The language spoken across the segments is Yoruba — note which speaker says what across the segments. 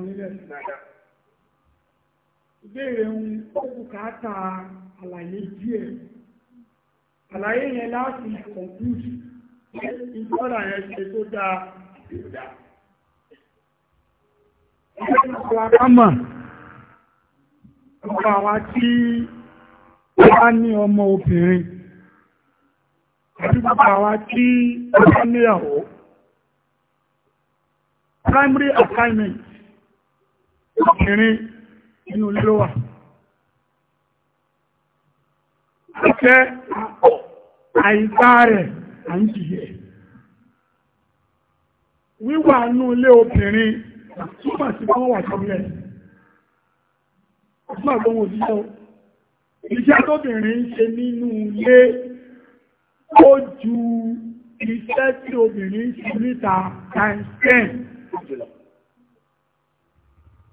Speaker 1: onílẹ̀ sí dáadáa ìbéèrè ń ó bùkátà àlàyé díẹ̀ àlàyé yẹn láti kọ̀ǹkúùsì ìjọ́ra yẹn ṣe tó dáa Àkámà ọ̀pọ̀ àwa tí wá ní ọmọ obìnrin àti gbogbo tí wá níyàwó. Primary assignment ọkùnrin inú ilé wà afẹ́ rẹ̀ à ń jìyẹ wíwà inú ilé obìnrin túmọ̀ sí wọ́n wà tọ́lẹ̀ ọdún àgbọ̀n òṣìṣẹ́ iṣẹ́ tóbìnrin ń ṣe nínú ilé ó ju iṣẹ́ tí obìnrin ń ṣe níta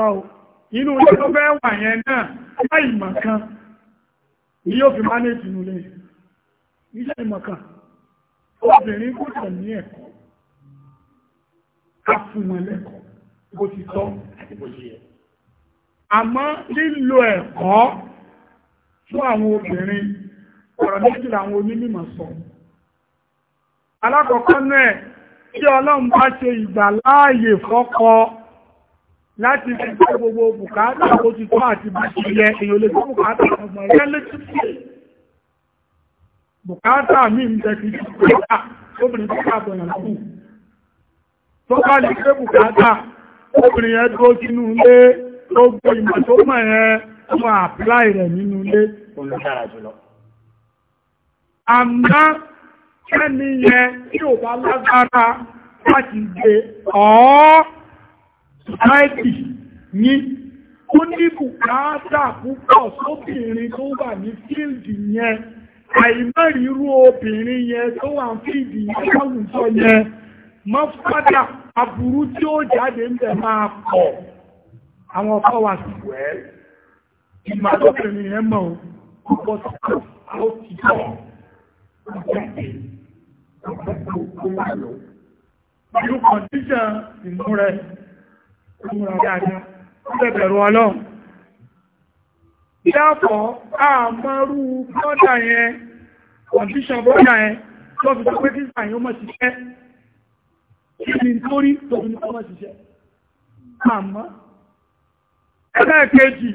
Speaker 1: rárá o inú ilé tó fẹ́ wà yẹn náà láì mọ̀ kan èyí yóò fi mánéjì nù lé ilé ìmọ̀kan obìnrin gbọ́dọ̀ ní ẹ̀kọ́ ká fún wọn lẹ́kọ̀ọ́ bó ti tọ́ àti bó ti yẹ àmọ́ lílo ẹ̀kọ́ fún àwọn obìnrin ọ̀rọ̀ méjì làwọn onímọ̀ sọ alákọ̀ọ́kọ́ náà tí ọlọ́run bá ṣe ìgbà láàyè fọ́kọ́ láti fi gbé gbogbo bùkátà ó ti tó àti bá ti yẹ èyàn lè gbé bùkátà ọmọ rẹ létí sí bùkátà mi ń tẹ́ ti bùkátà obìnrin tó bá bọ̀yàn kù
Speaker 2: tó bá lè gbé bùkátà
Speaker 1: obìnrin yẹn dúró sínú ilé tó gbọ́ ìmọ̀ tó mọ̀ yẹn tó àpíláì rẹ̀ nínú ilé olùdára jùlọ yẹn tí ò bá lágbára láti gbé ọ̀ọ́ láìpì ní ó ní bùkátà púpọ̀ sóbìnrin tó wà ní fíìlì yẹn àìmọ́rírú obìnrin yẹn tó wà ní fíìlì yẹn láwùjọ yẹn mọ́fádà aburú tí ó jáde ń bẹ̀ máa pọ̀ àwọn ọkọ wa sì wẹ́ ìmọ̀lọ́bìnrin yẹn mọ̀ púpọ̀ sí múra dáadáa ó bẹ̀bẹ̀rù ọlọ́run dápọ̀ àmọ́rú bọ́dà yẹn kọ̀ǹdíṣàn bọ́dà yẹn tó fi tó pé kí sàyẹn ó mọ̀ ṣiṣẹ́ kí ni nítorí tó fi ní kọ́ mọ̀ ṣiṣẹ́ àmọ́ ẹgbẹ́ kejì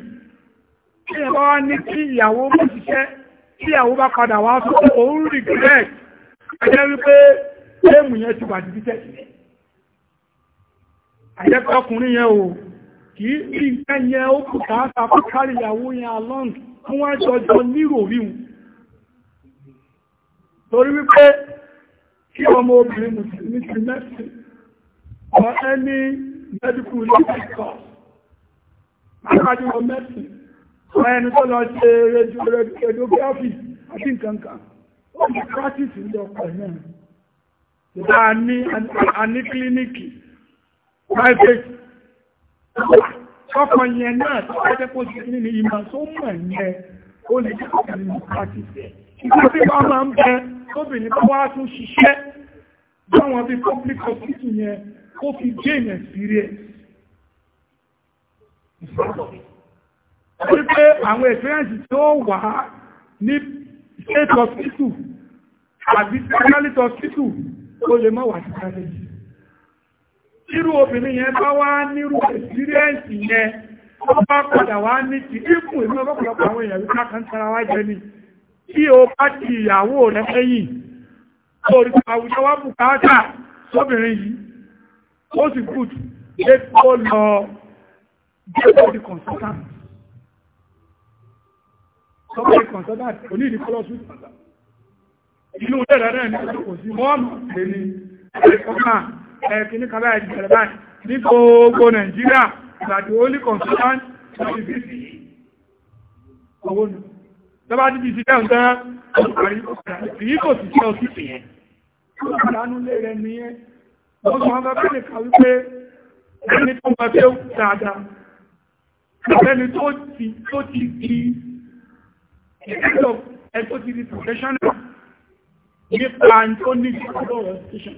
Speaker 1: kí ẹ bá wá ní kí ìyàwó mọ̀ ṣiṣẹ́ tí ìyàwó bá padà wá fún òun rìgírẹ́ẹ̀tì ẹjẹ́ wípé éèmù yẹn ti wà ní títẹ̀ sílẹ̀ àjẹ́pẹ́ ọkùnrin yẹn o kì í rí nǹkan yẹn ó kù káàkà kó kárí ìyàwó yẹn along fún wọ́n jọjọ nírò ríun torí wípé kí ọmọ obìnrin mùsùlùmí ti mẹ́sìn ọ ẹni medical lẹ́kọ̀ọ́ akájúwọ mẹ́sìn ọ ẹni tó lọ ṣe radiography àti nǹkankan ó mú practice ní ọkọ̀ náà ìdá a ní kílíníkì private ọkọ̀ yẹn náà tó kọjẹ́ kó sí nínú ìmọ̀ tó mọ̀ yẹn ó lè jẹ́ kọjẹ́ nínú practice ìgbà tí wọ́n máa ń bẹ tóbìnrin tó wá tún ṣiṣẹ́ báwọn bí public hospital yẹn kó fi gain experience wípé àwọn experience tí ó wà ní state hospital àbí specialist hospital ó lè má wà sí private irú obìnrin yẹn bá wá nírú ẹ̀sìrẹ́ǹsì yẹn ó bá padà wá ní ti ikùn ìlú ọgọ́pọ̀lọpọ̀ àwọn èèyàn wípé kan tara wá jẹ ni tí o bá ti ìyàwó rẹ lẹ́yìn orí àwùjọ wá rẹ̀ rẹ̀ ní ọjọ́ kò sí mọ́ọ̀mù lè ẹ̀kọ́ náà ẹ̀kìní kan láì jẹ̀rẹ̀ báyìí ní gbogbo Nàìjíríà ìgbàtí ó ní consultant láti fi sí owó nù lọ́bá ti di ìṣẹ́ ọ̀tán èyí kò sì ṣe òsì yẹn ìdánú lé rẹ̀ nìyẹn wọ́n sọ wọn bẹ́ẹ̀ kà wípé ẹni tó máa fẹ́ dáadáa ẹni tó ti tó ti di ẹ̀tọ́ ti di professional nípa tó ní ìṣẹ́ ọlọ́rọ̀ station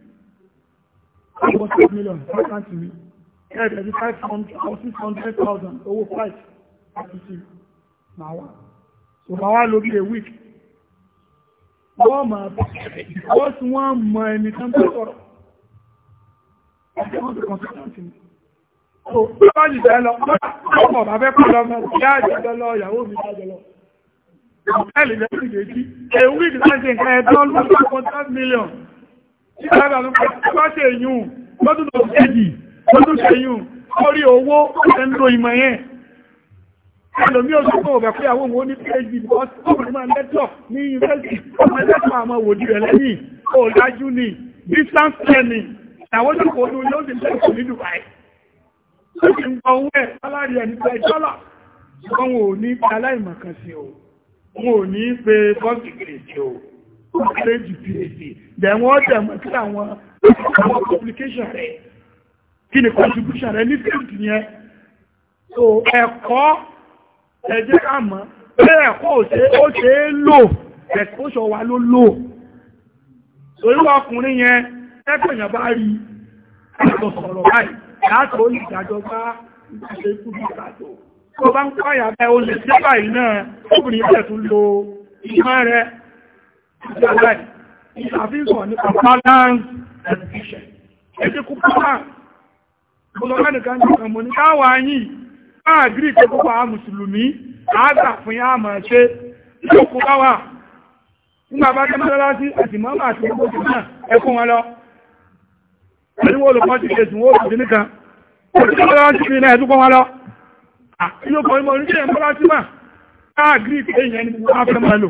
Speaker 1: owó five million five hundred mi ẹ̀rẹ̀ ẹ̀rí five hundred or six hundred thousand over five àti sí màá wá so màá wá lórí a week wọ́n máa bẹ̀rẹ̀ wọ́n sì wọ́n mọ ẹni tó ń bẹ̀ sọ̀rọ̀ ọjọ́ wọn ti consultant mi so bá jù jẹ́ lọ ọmọ bá fẹ́ kọ́ lọ́mọ ìyá àjẹjọ lọ ìyàwó mi jájọ lọ ọ̀pẹ́ lè jẹ́ sí ìdèjì a week láti nǹkan ẹ̀dọ́ lọ́wọ́ ìgbàlá ló bá ṣe èyún lọ́dún lọ kéjì lọ́dún ṣe èyún orí owó ẹ̀ndò ìmọ̀ yẹn ẹlòmí ò sọ́kọ̀ ọ̀bẹ̀ pé àwọn òun ní phd because ọmọdé máa lẹ́tọ̀ ní yunifásitì ọmọ ẹlẹ́tọ̀ àmọ́ òwòdì rẹ̀ lẹ́yìn ọ̀dájú ni distance learning àwọn olùkọ́ olú yóò sì lẹ́kọ̀ọ́ ní Dubai ó sì ń gbọ́ owó ẹ̀ sálárì ẹni pẹ́ dọ́là ṣùgbọ́n wọn ò ní aláìmọ̀kan sí o wọn ò ní pé fọ́ọ̀sì kìrì sí o kọ́lẹ́jì phd then wọ́n dẹ̀mọ̀ sí àwọn àwọn publication rẹ̀ kí ni contribution rẹ̀ ní field yẹn so ẹ̀kọ́ ẹ̀jẹ̀ àmọ́ pé ẹ̀kọ́ ó ṣe é lò ẹ̀kọ́ṣọ́ wa ló lò orí ọkùnrin yẹn ẹgbẹ̀yàn bá rí àtọ̀sọ̀rọ̀ báyìí látò ìdájọ́ bá ìgbàṣe ikú bí ìgbàjọ́ tó bá ń pààyà bẹ́ o lè jẹ́ báyìí náà obìnrin ẹ̀ tún lo ìmọ̀ rẹ̀ ìjọba ìṣàfihàn nípa balance and vision ẹjẹ́ kó pàá bọ́lọ́lá nìkan jẹ́ ọmọ ní káwà yìí máa gírí pé púpọ̀ á mùsùlùmí àágbà fún yá máa ṣe ìṣòkó káwà nígbà bá jẹ́ mọ́lá sí àti mọ́mà àti gbogbo jù náà ẹkún wọn lọ àríwó olùkọ́ ti ṣe ìsìnwó òkùnrin nìkan òṣìṣẹ́ mọ́lá sí fi náà ẹ̀dúkọ́ wọn lọ ìyókọ̀ ìmọ̀ oníṣẹ́ mọ́lá sí mà káà gírí pé ìyẹn ni wọ́n á fẹ́ máa lò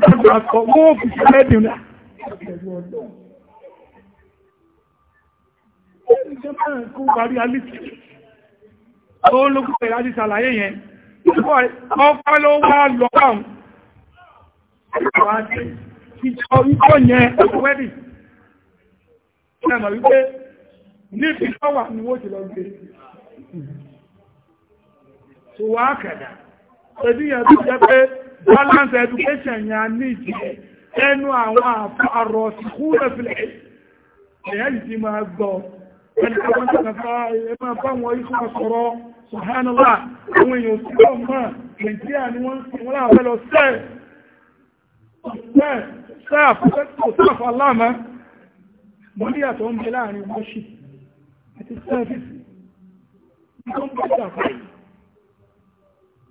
Speaker 1: dàgbà kọ́ mọ́ òkùnkùn mẹ́dùn náà. Kó parí alìsì. Ó lókùn pẹ̀lú alìsì àlàyé yẹn. Ọpá ló wá lọ báhùn. Ìjọ ìjọ yẹn wẹ́dì. Ṣé mọ̀ wípé ní ìfìṣọ́ wà ní wó ti lọ gbé. Ṣòwò àkàdà. Ṣèdíyàn tó jẹ́ pé balance education yẹn ní ìjẹ́ ẹnu àwọn àrọ̀ síkú rẹ̀fìlẹ̀ èyàn yìí ti máa gbọ́ ẹni àwọn ìsànàfà ẹ máa bá wọn ikú ọ̀sọ̀rọ̀ sọ̀hánàlá àwọn èèyàn sí lọ mọ́ nàìjíríà ni wọ́n sì wọ́n láàbẹ́ lọ sẹ́ẹ̀ sẹ́ẹ̀ sáàfù sáàfù aláàmá mo ní àtọ̀ ń bẹ láàrin worship àti service ní tó ń bá sàfà yìí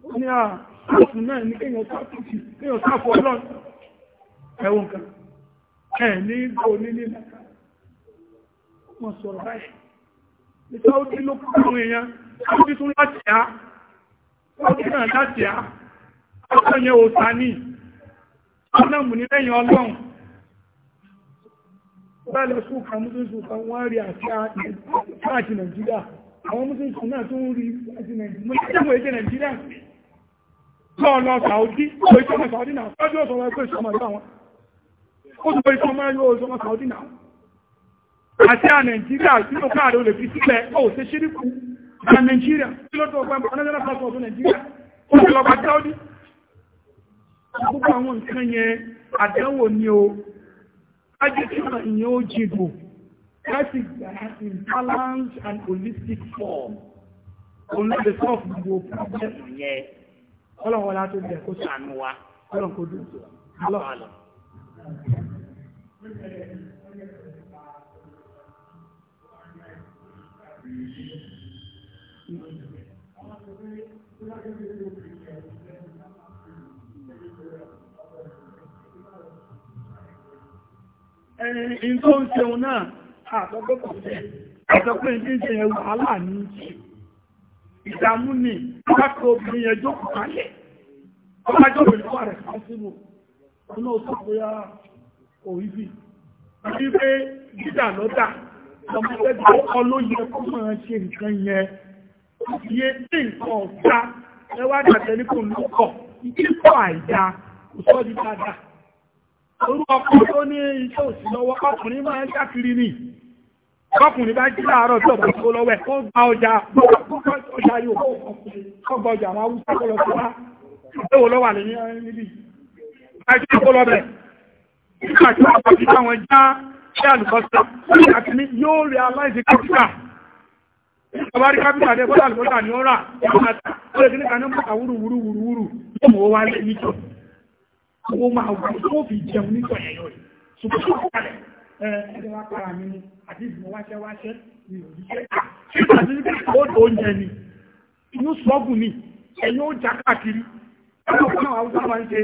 Speaker 1: ó ní à ah, áàfù náà ní kéèyàn sáfòsì kéèyàn sáfò ọlọ́run ẹ̀wọ̀n kan ẹ̀ ní ìgbò nílé lákà wọ́n sọ̀rọ̀ báyìí ní sáwọ́dí ló kọ́ àwọn èèyàn sáwọ́dí tún láti á sáwọ́dí náà láti á ọ̀sọ̀yẹ òsà lọ́ọ̀lọ́ sàúdí ìjọba sàúdí náà lọ́jọ́ ọ̀sọ̀rọ̀ ẹgbẹ́ ìṣọ́mọ̀ ìlú àwọn ó tó pẹ́pẹ́ ọ̀nẹ́dẹ́rẹ́ pàṣẹ ọ̀tún in balance and holistic form òun ló lè sọ́ọ̀fù gbogbo pọ́blẹ́mù ọlọ́wọ́ látó bẹ̀ kó sànú wa ọlọ́wọ́ Ẹni tó ń ṣeun náà, ìdààmú ni láti obìnrin yẹn jókòó kalẹ̀ ọmọ ẹjọ́ ìlú wà rẹ̀ kan sínú ọ̀nà òsì bóyá òyìnbí wípé dídà lọ́dà ọmọ ẹgbẹ́ ọkọ ló yẹ kó máa ṣe nǹkan yẹn iye tí nǹkan ọ̀gá ẹ wá ní kò lọ́kọ̀ kíkọ́ àìdá kò sọ́ di dáadáa orú ọkọ̀ tó ní iṣẹ́ òsì ọkùnrin máa ń ṣàkiri ni Ọkùnrin bá jí láàárọ̀ tó bá kó lọ́wẹ́, ó gba ọjà ọjà yóò kọ́ gba ọjà àwọn awúsá kọ́ lọ sí wá. Ìgbéwò lọ wà níbi. Àìsí kó lọ bẹ̀. Nígbà tí wọ́n bá fi táwọn já ṣé àlùkọ́sà, àti ní yóò rí aláìsí kápítà. Ìjọba rí kápítà dé bọ́lá àlùkọ́sà ni ó rà. Ó lè kíníkà ní mọ́ta wúrú wúrú wúrú wúrú tó mọ̀ ó wá lé níjọ. Àwọn máa wù ó ẹ̀ẹ́dẹ̀ wá para mi ni àti ìgbìmọ̀ wáṣẹ́ wáṣẹ́ ni òjíṣẹ́ àti ní kó tó ń jẹ ni inú sọ́ọ̀bù ni ẹ̀yin ó já káàkiri ọlọ́pàá náà haúsá máa ń ṣe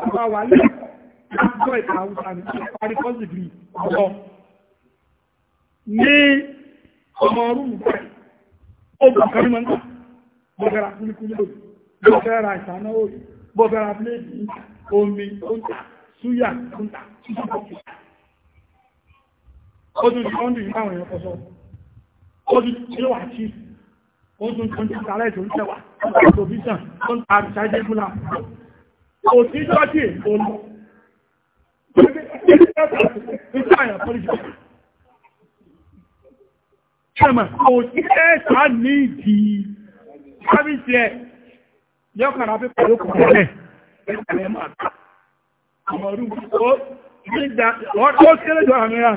Speaker 1: àwọn àwà lè gbọ́ ìta haúsá ni parí first degree ọ̀pọ̀ ní ọmọ rúùmù báyìí ó bọ̀ kárí mọ́ńtà bọ́kẹ́ra kúlíkúlí lòdì bọ́kẹ́ra ìṣáná òòrùn bọ́kẹ́ra pléèdì omi ó ń ta súyà ó ń ta ọdún ìkọ́ndù ìmáwọn èèyàn kọsọ́ ọdún ìlú àti ọdún kọjúta aláìsàn ń tẹ́wà provision ọdún àrìsájẹ́ fúnra kò sí jọ́jì olú Ṣẹ́mà, kò sí ẹ́ẹ̀sà ní ìdí sábìsì ẹ̀ yọ́kàrà pípọ̀ ló kọ̀ rẹ̀ ẹ̀ẹ́sà lẹ́mà. Àwọn orúkọ, ó kéré jọ àmìràn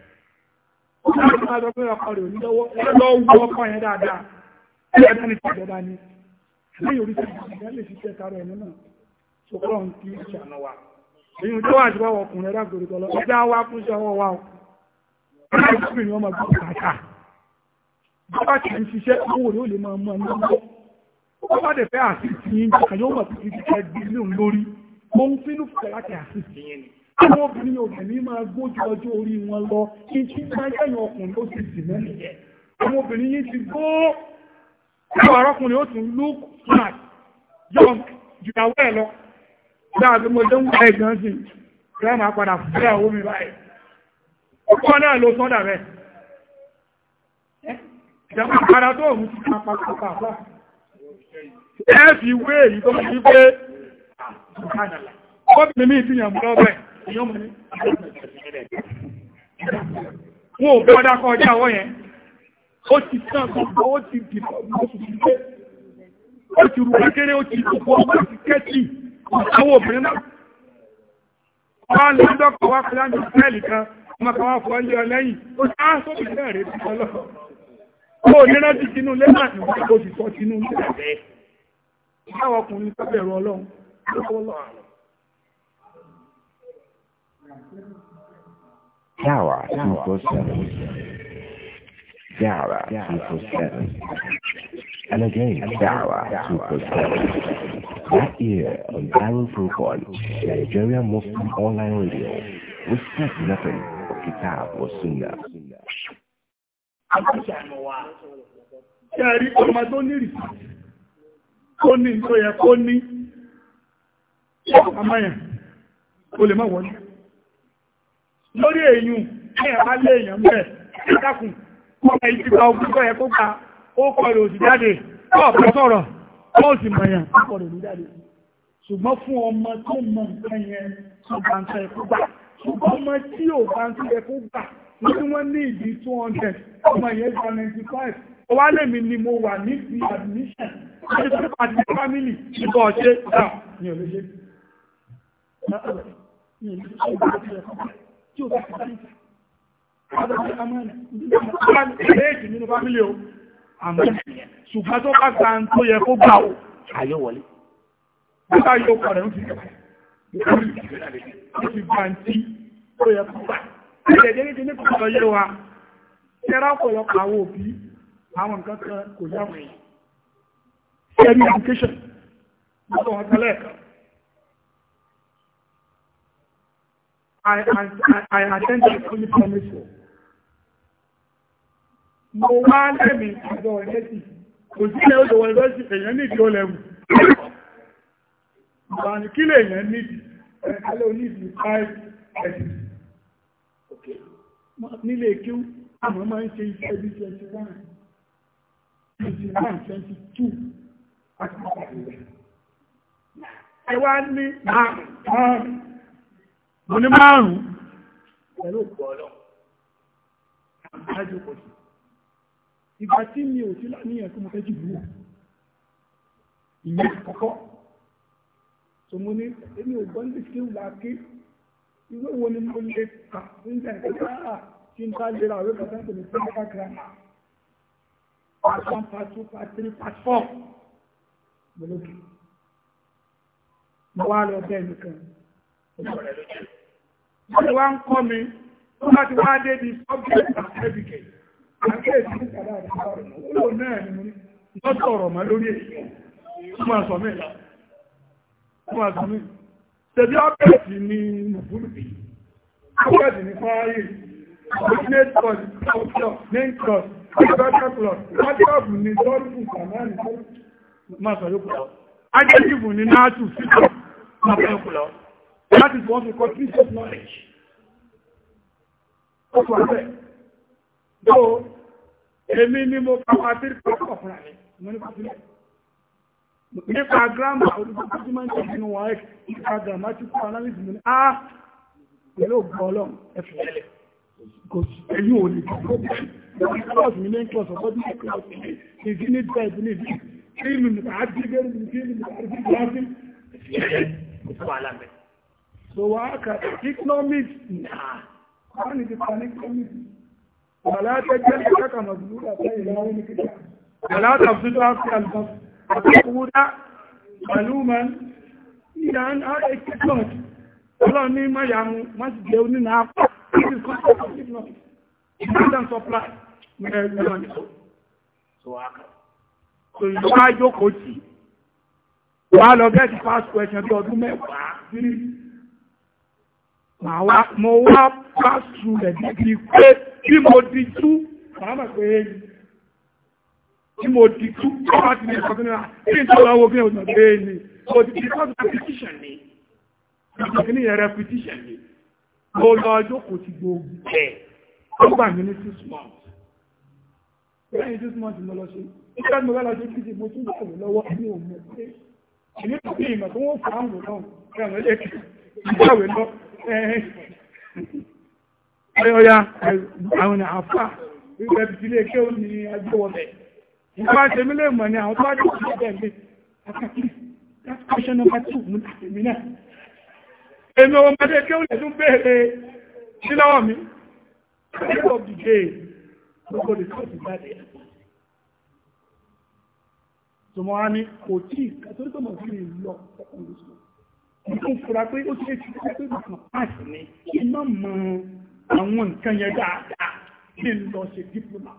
Speaker 1: láti máa dọ́gbé ọkọ̀ rẹ̀ onílọ́wọ́ lọ́wọ́ ọkọ̀ yẹn dáadáa ẹgbẹ́ ní ìjọba ni lẹ́yìn orí ìjọba lè fi tẹ́ta rẹ̀ nínú ṣòkọ́ ń kí ìṣànà wa èyí tó wà síwá ọkùnrin rágbèrè tọ́lọ ẹgbẹ́ wá kún sí ọwọ́ wa ọkùnrin ni wọ́n máa gbọ́ kàkà bọ́bá kì í ṣiṣẹ́ owó rẹ̀ ó ọjọ́ ó àwọn obìnrin obìnrin máa gbójú ọjọ́ orí wọn lọ iṣẹ́ máa yẹ̀yàn ọkùnrin ó ti sì mẹ́rin yẹ àwọn obìnrin yìí ti gbó ẹwà ọkùnrin ó tún look smart young jù ìyàwó ẹ̀ lọ dáa bí mo dẹ́wọ́n sí rẹ́ máa padà fẹ́ àwọn omi báyìí ọkọ náà ló sọ́dà rẹ̀ ìjọba ara tó òun ti máa pa pàpà àpá ẹ fi wé èyí tó máa pé ọkọ mi ní ìdíyàn mú lọ́bẹ̀ẹ́ èyàn mọ̀ ní wọn
Speaker 2: ò bẹ́ ọdá kọ ọjá ọwọ́
Speaker 1: yẹn ó ti tán gbogbo ó ti dìbò ó ti rú kékeré ó ti gbogbo ọgbà ti kẹ́tì ọ̀sáwò obìnrin náà wọ́n lọ dọ́kọ̀ wá pẹ̀lú àjọ sẹ́ẹ̀lì kan ọmọ kan wá ó ti two Tower 247. Dara 247. And again, Dara 247. That year on viral Proof One, Nigeria Muslim Online Radio, we said nothing of guitar or singer. Ṣẹ́rí ọmọ tó ní rìsì, kó ní tó kó ní, ọmọ yẹn, kó lè má wọlé lórí èyàn ẹ̀yàn bá lé èyàn mẹ́ ẹ̀dàkùn ọmọ ìtì gba ogúnkọ́ ẹ̀kọ́ gba ó kọ̀rọ̀ òsì jáde ọ̀pọ̀ sọ̀rọ̀ ó sì mọ̀yàn kọ̀rọ̀ òsì jáde ṣùgbọ́n fún ọmọ tó mọ̀ nǹkan yẹn tó bá ń fẹ́ ẹ̀kọ́ gbà ṣùgbọ́n ọmọ tí ò bá ń fẹ́ ẹ̀kọ́ gbà ní wọ́n ní ìdí 200 ọmọ yẹn gba 95 ọwá lèmi ni mo wà ní ti admission ní tó pàtí family ìbọ̀ tí ó bá ti sáyẹ̀nsì àdàbí amánà nígbà nínú fámílì o àmánà ṣùgbọ́n tó bá gba ń tó yẹ kó gbà ó ayé wọlé nígbà yóò kọ̀ ń fi ó ti gbà ń tí ó yẹ kó gbà ẹ̀jẹ̀ I, I, I attended only primary school. Mo wá lẹ́mí ọjọ́ ẹ̀lẹ́sì, kò sí ilẹ̀ òjò wọ̀n lọ́sí èèyàn nídi ó lẹ́wù. Ìbàní kí lè èèyàn nídi, ẹ̀kálẹ̀ onídi five ẹ̀sì. Nílé kíú, àmọ́ máa ń ṣe iṣẹ́ bí twenty one, twenty one, twenty two, àti ọ̀pọ̀ ìwà. Ẹ wá ní àárín. Ah, um, mo ní márùn-ún pẹ̀lú òkú ọlọ́run àjò pọ̀ sí ìgbà tí mi ò sí láníyàn tó mo fẹ́ jù lúwọ̀ ìyẹn àkọ́kọ́ tó mo ní èmi ò gbọ́n lè kéwù láàké ìwé wo ni mo lè kà ń jẹ́ ìkẹ́kẹ́ àà tí n bá lè ra òwe kọ̀ọ̀kan tó ní pẹ́ẹ́kà gírámà part mo wá lọ bẹ́ẹ̀ nìkan mo sọ̀rọ̀ lójú wọ́n ti wá ń kọ́ mi tó bá ti wá dé di subject and predicate àkéèsì ìkàlà àdúgbò náà ni lọ́tọ̀ ọ̀rọ̀ mọ́ lórí èyí tó máa sọ mí tó máa sọ mí tẹ̀bí ọ́pẹ̀ẹ̀sì ni mùfúrùbí ọ́pẹ̀ẹ̀sì ni fáyé ọ̀pẹ̀ẹ̀sì ni ọ̀pẹ̀ẹ̀sì ni ọ̀pẹ̀ẹ̀sì Adébù ni Dọ́rùbù Sàmánì Máa sọ yóò pùlọ. Adébù ni That is what we call tree of knowledge. Ó sọ abẹ́. Tó èmi ni mo kà wá sí ìpàkọ́ fúnra rẹ̀, mo ní kọ́ sílẹ̀. Nípa gírámà olùkọ́ tó ti máa ń tẹ̀ nínú wọn ẹ̀ nípa grammatical analysis mi ní á pẹ̀lú ògbọ́n ọlọ́run ẹ̀fẹ̀ lẹ́lẹ̀. Kò sí you need. lè kọ́ sí kílọ̀sì mi ní kílọ̀sì ọ̀pọ̀ bí kílọ̀sì mi ní kí ní tíra ìbí ní ìdí. Kí ni mo ní kà á bí gẹ́rù mi kí ni mo kà á bí gẹ́rù mi kí ni mo kà á bí gẹ́rù mi. Kò sí wàhálà mẹ́ta so haka economics na wani ti fa ní economics wàlá tẹ́jẹ́ ìjọ́ka mazlúra tẹ́ ìlàwó ní kíkà wàlá tàbílá sí albas àtàkùnwúdá maluman ìyà ń ara ìkẹ́kọ̀ọ́ e ọlọ́ ní mayamu máa ti jẹ́ onínà apá this is concept of economics demand and supply mẹ́rin so haka so ìjọba jókòó tì wà lọ gẹ́ẹ̀tì fast question bí ọdún mẹ́wàá mo wá bá su rẹ̀ níbi pé bí mo di tú màmá pé èyí tí mo di tú bá ti lè sọ fún mi kí n pé èyí mo ti di kọ́ repetition ni mo sọ repetition ni mo lọ jókòó ti gbogbo ẹ̀ ó gbà mí ní six months lẹ́yìn six months mo lọ ṣe nígbà tí mo bá lọ ṣe kìí ìgbàwé lọ ẹ̀ ọ̀yá àwọn ni àfà ìgbẹ́ ti lè ké òní agbówọ̀bẹ̀ ìgbà ṣe mí lè mọ̀ ní àwọn tó bá jẹ́ ọ̀bẹ̀ mi that's question number two mú láti mi náà èmi ọmọ ọmọdé ké òní ẹ̀dún bẹ́ẹ̀rẹ̀ sí lọ́wọ́ mi ẹ̀kọ́ dìde gbogbo lè kọ́ sí jáde tòmọ́ á ní kò tí ìkàtórí tó mọ̀ sí nǹkan fura pé ó ṣe ṣe pé nǹkan pàṣẹ ni kí n má mọ àwọn nǹkan yẹn dáadáa kí lọ ṣe diploma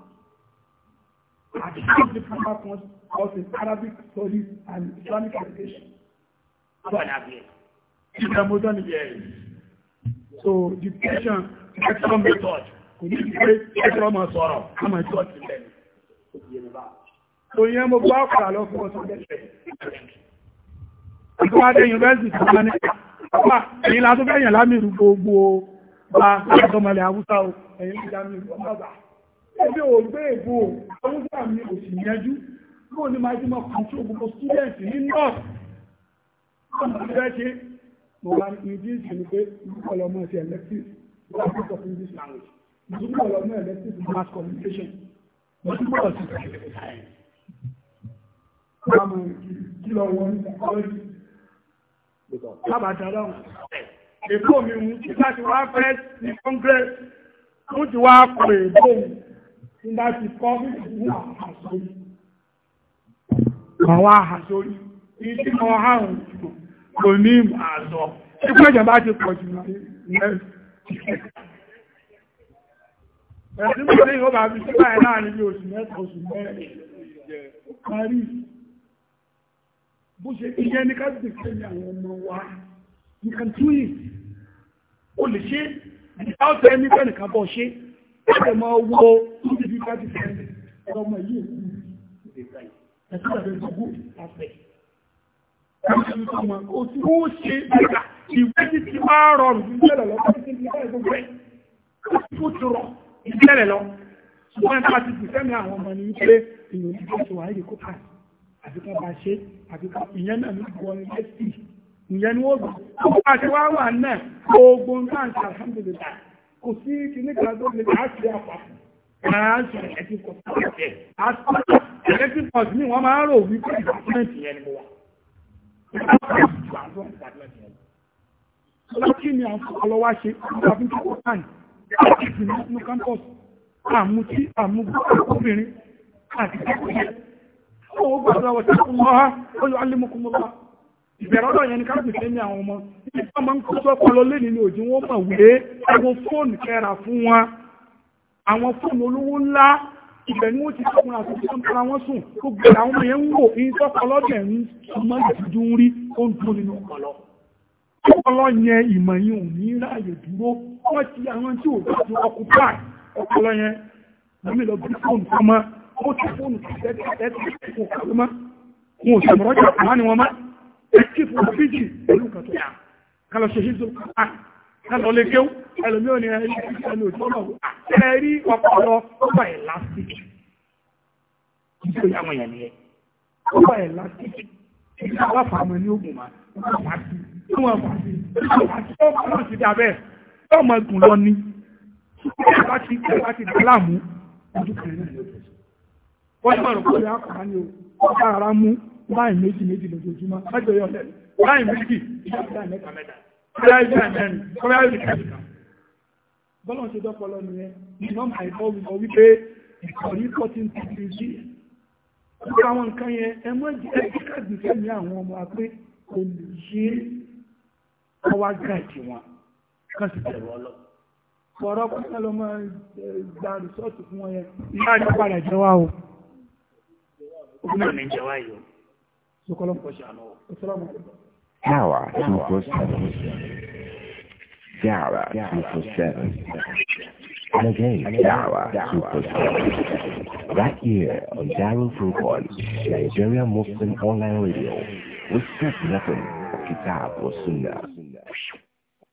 Speaker 1: àti ṣe diploma kan course in Arabic studies and Islamic education tó àdábìyẹ ìdàmójọ́ níbi ẹ̀rí so depression extra method kò ní ìgbé extra mọ̀ sọ̀rọ̀ àmọ̀ ìjọ́ ti lẹ́nu òyìnbá so ìyẹn mo gbọ́ àkàrà lọ fún ọ̀sán lẹ́sẹ̀ àtúwádé yunifásitì tó wá ní àpá ẹ̀yìn látó fẹ́yìn lámìrù gbogbo bá látọ́mọlẹ̀ àwúsá o ẹ̀yìn ti lámìrù ọmọdà ẹgbẹ́ ògbé ègbò àwúsá mi ò sì yẹjú lóò ní máa jímọ̀ kọ̀ọ̀tún gbogbo student ní north Kí lọ wọ́n ní ọjọ́ lábàdàlọ́run èkó mi mú kí láti wá fẹ́ sí congress mú ti wá pè èkó mi tí bá ti kọ́ mú àhàsórí àwọn àhàsórí ní tí mo hàn kò ní àzọ ìpé ìjọba ti pọ̀ jù lọ ẹ̀sìn mọ̀ ní ìhọ́bà fi síbà ẹ̀ láàrin bí oṣù mẹ́ta oṣù mẹ́rin bó ṣe iṣẹ́ ní ká dìfẹ́ ní àwọn ọmọ wa you can do it o lè ṣe without any friend kan bọ́ ṣe ẹ̀rẹ̀ mọ́ owó níbi ká dìfẹ́ ọmọ yìí ẹ̀kú ẹ̀kú gbogbo àfẹ́ Òtún ó ṣe ìwé ti ti máa rọrùn ìjẹ́lẹ̀ lọ, ó ti rọ ìjẹ́lẹ̀ lọ. Ṣùgbọ́n ẹ̀ká ti ti fẹ́ mi àwọn ọmọ ní wípé ìròyìn tó ṣe wà àti ká bá ṣe àti ká ìyẹn náà ní ìwọ ní lẹ́sì ìyẹn ni ó gbà ó bá ṣe wá wà náà gbogbo ń dáǹtì alhamdulillah kò sí kìíní kan tó lè máa ṣe àpapọ̀ máa ń ṣe ẹ̀sìn kọ̀ọ̀tẹ̀ àti ẹ̀sìn kọ̀ọ̀tẹ̀ ni wọ́n ọlọ́wà ṣe ọdún tó kọ́ tán ní campus, àmútí, àmúgbó, obìnrin, àti ẹ̀kọ́ ọwọ́ gbàdúrà wọ̀tí fún wọn ha olú alimukumula ìbẹ̀rẹ̀ ọ̀dọ̀ yẹn ni ká pèsè ní àwọn ọmọ ibi tí wọ́n máa ń kó sọ́kọ lólé nínú òjì wọn mọ̀ wé àwọn fóònù kẹra fún wọn àwọn fóònù olówó ńlá ibẹ̀ ni wọ́n ti sọ́kùnrin àti ìṣẹ́ ń para wọn sùn tó gbẹ̀rẹ̀ àwọn ọmọ yẹn ń wò ní sọ́kọ lọ́dẹ̀ ń súnmọ́ ìdíjú ń rí ó ń dún nínú ọpọlọ ọpọlọ yẹn ìmọ̀ yẹn ò ní ráàyè dúró wọ́n ti àwọn tí ò ó ti fóònù ẹ̀ẹ́dẹ́gbẹ̀ẹ́ fún ọmọ wọn ò sẹ̀mọ̀rọ́jà àwọn ni wọ́n má ẹ̀kí fún ọ̀fíjì pẹ̀lú kan tó yà kálọ̀ ṣe ṣíṣe kan kálọ̀ lè kéwú ẹlòmí ò ní ẹni ìṣẹ́lẹ̀ òjò náà ẹ rí ọpọlọ ọgbà ẹ̀ lásìkì nítorí àwọn èèyàn nìyẹn ọgbà ẹ̀ lásìkì ìgbà wà fàmọ́ ní ogun mà wà sí wọn wà sí wà sí ọmọ náà ti dàbẹ́ ọmọ gùn lọ ní ìgbà tí ìgbà ti dà láàmú ojú kan náà ló wọ́n yóò rò pé àkàrà ni o ọ̀gá ara mú láì méjì méjì lójoojúmọ́ lájọ yọ lẹ́nu láì méjì ìjọba mẹ́ta mẹ́ta kọ́lá ìjọba mẹ́rin kọ́lá ìjọba mẹ́ta. bọ́lá ṣe dọ́pọ̀lọ́ nìyẹn iná máa ìfọ́ wíwọ wípé ìkọ̀rí fourteen fifty sí i. nípa àwọn nǹkan yẹn ẹ mọ́ jẹ́ ẹ́díkàdì sẹ́mi àwọn ọmọ apẹ́ kò lè ṣe ọwá gáàjì wọn kàn sì bẹ̀rù ọlọ́ fọ̀rọ̀ pátá lọ́mọ gba rìsọ́ọ̀tù fún wọn yẹn ìyá àjọpàdà jẹ́ wá o. Power 247. Dara 247. And again, Dara 247. Right here on Daryl Furqan, Nigeria Muslim Online Radio, with Seth Nathan, Kitab or Sunnah.